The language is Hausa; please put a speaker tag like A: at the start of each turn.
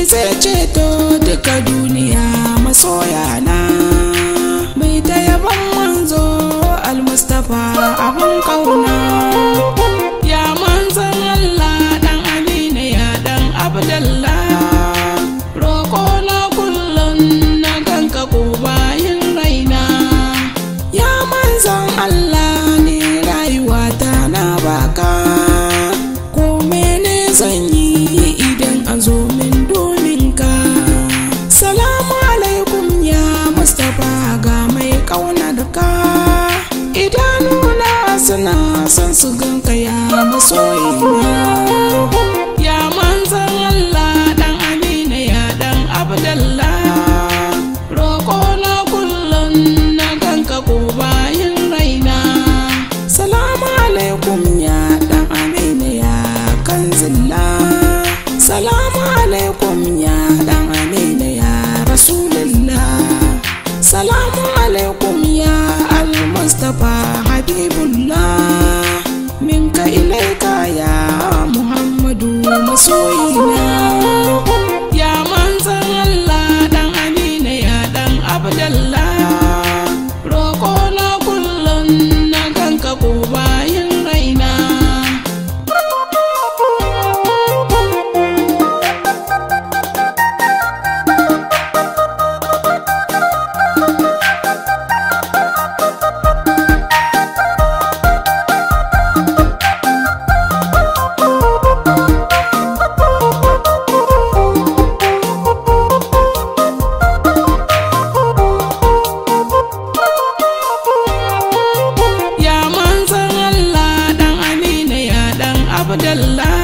A: shi zai ceto duka duniya masoya na mai ta yaban manzo al-mustapha abin kauna ka idanuna suna son su ganka ya masoyina ya manzan Allah dan Amina ya dan Abdullah roko na kullun na ganka ko bayan raina salamu alaikum ya dan Amina ya kanzillah Assalamu alaikum ya al-Mustafa Habibullah Minka ilaika ya Muhammadu masoyina but the lie.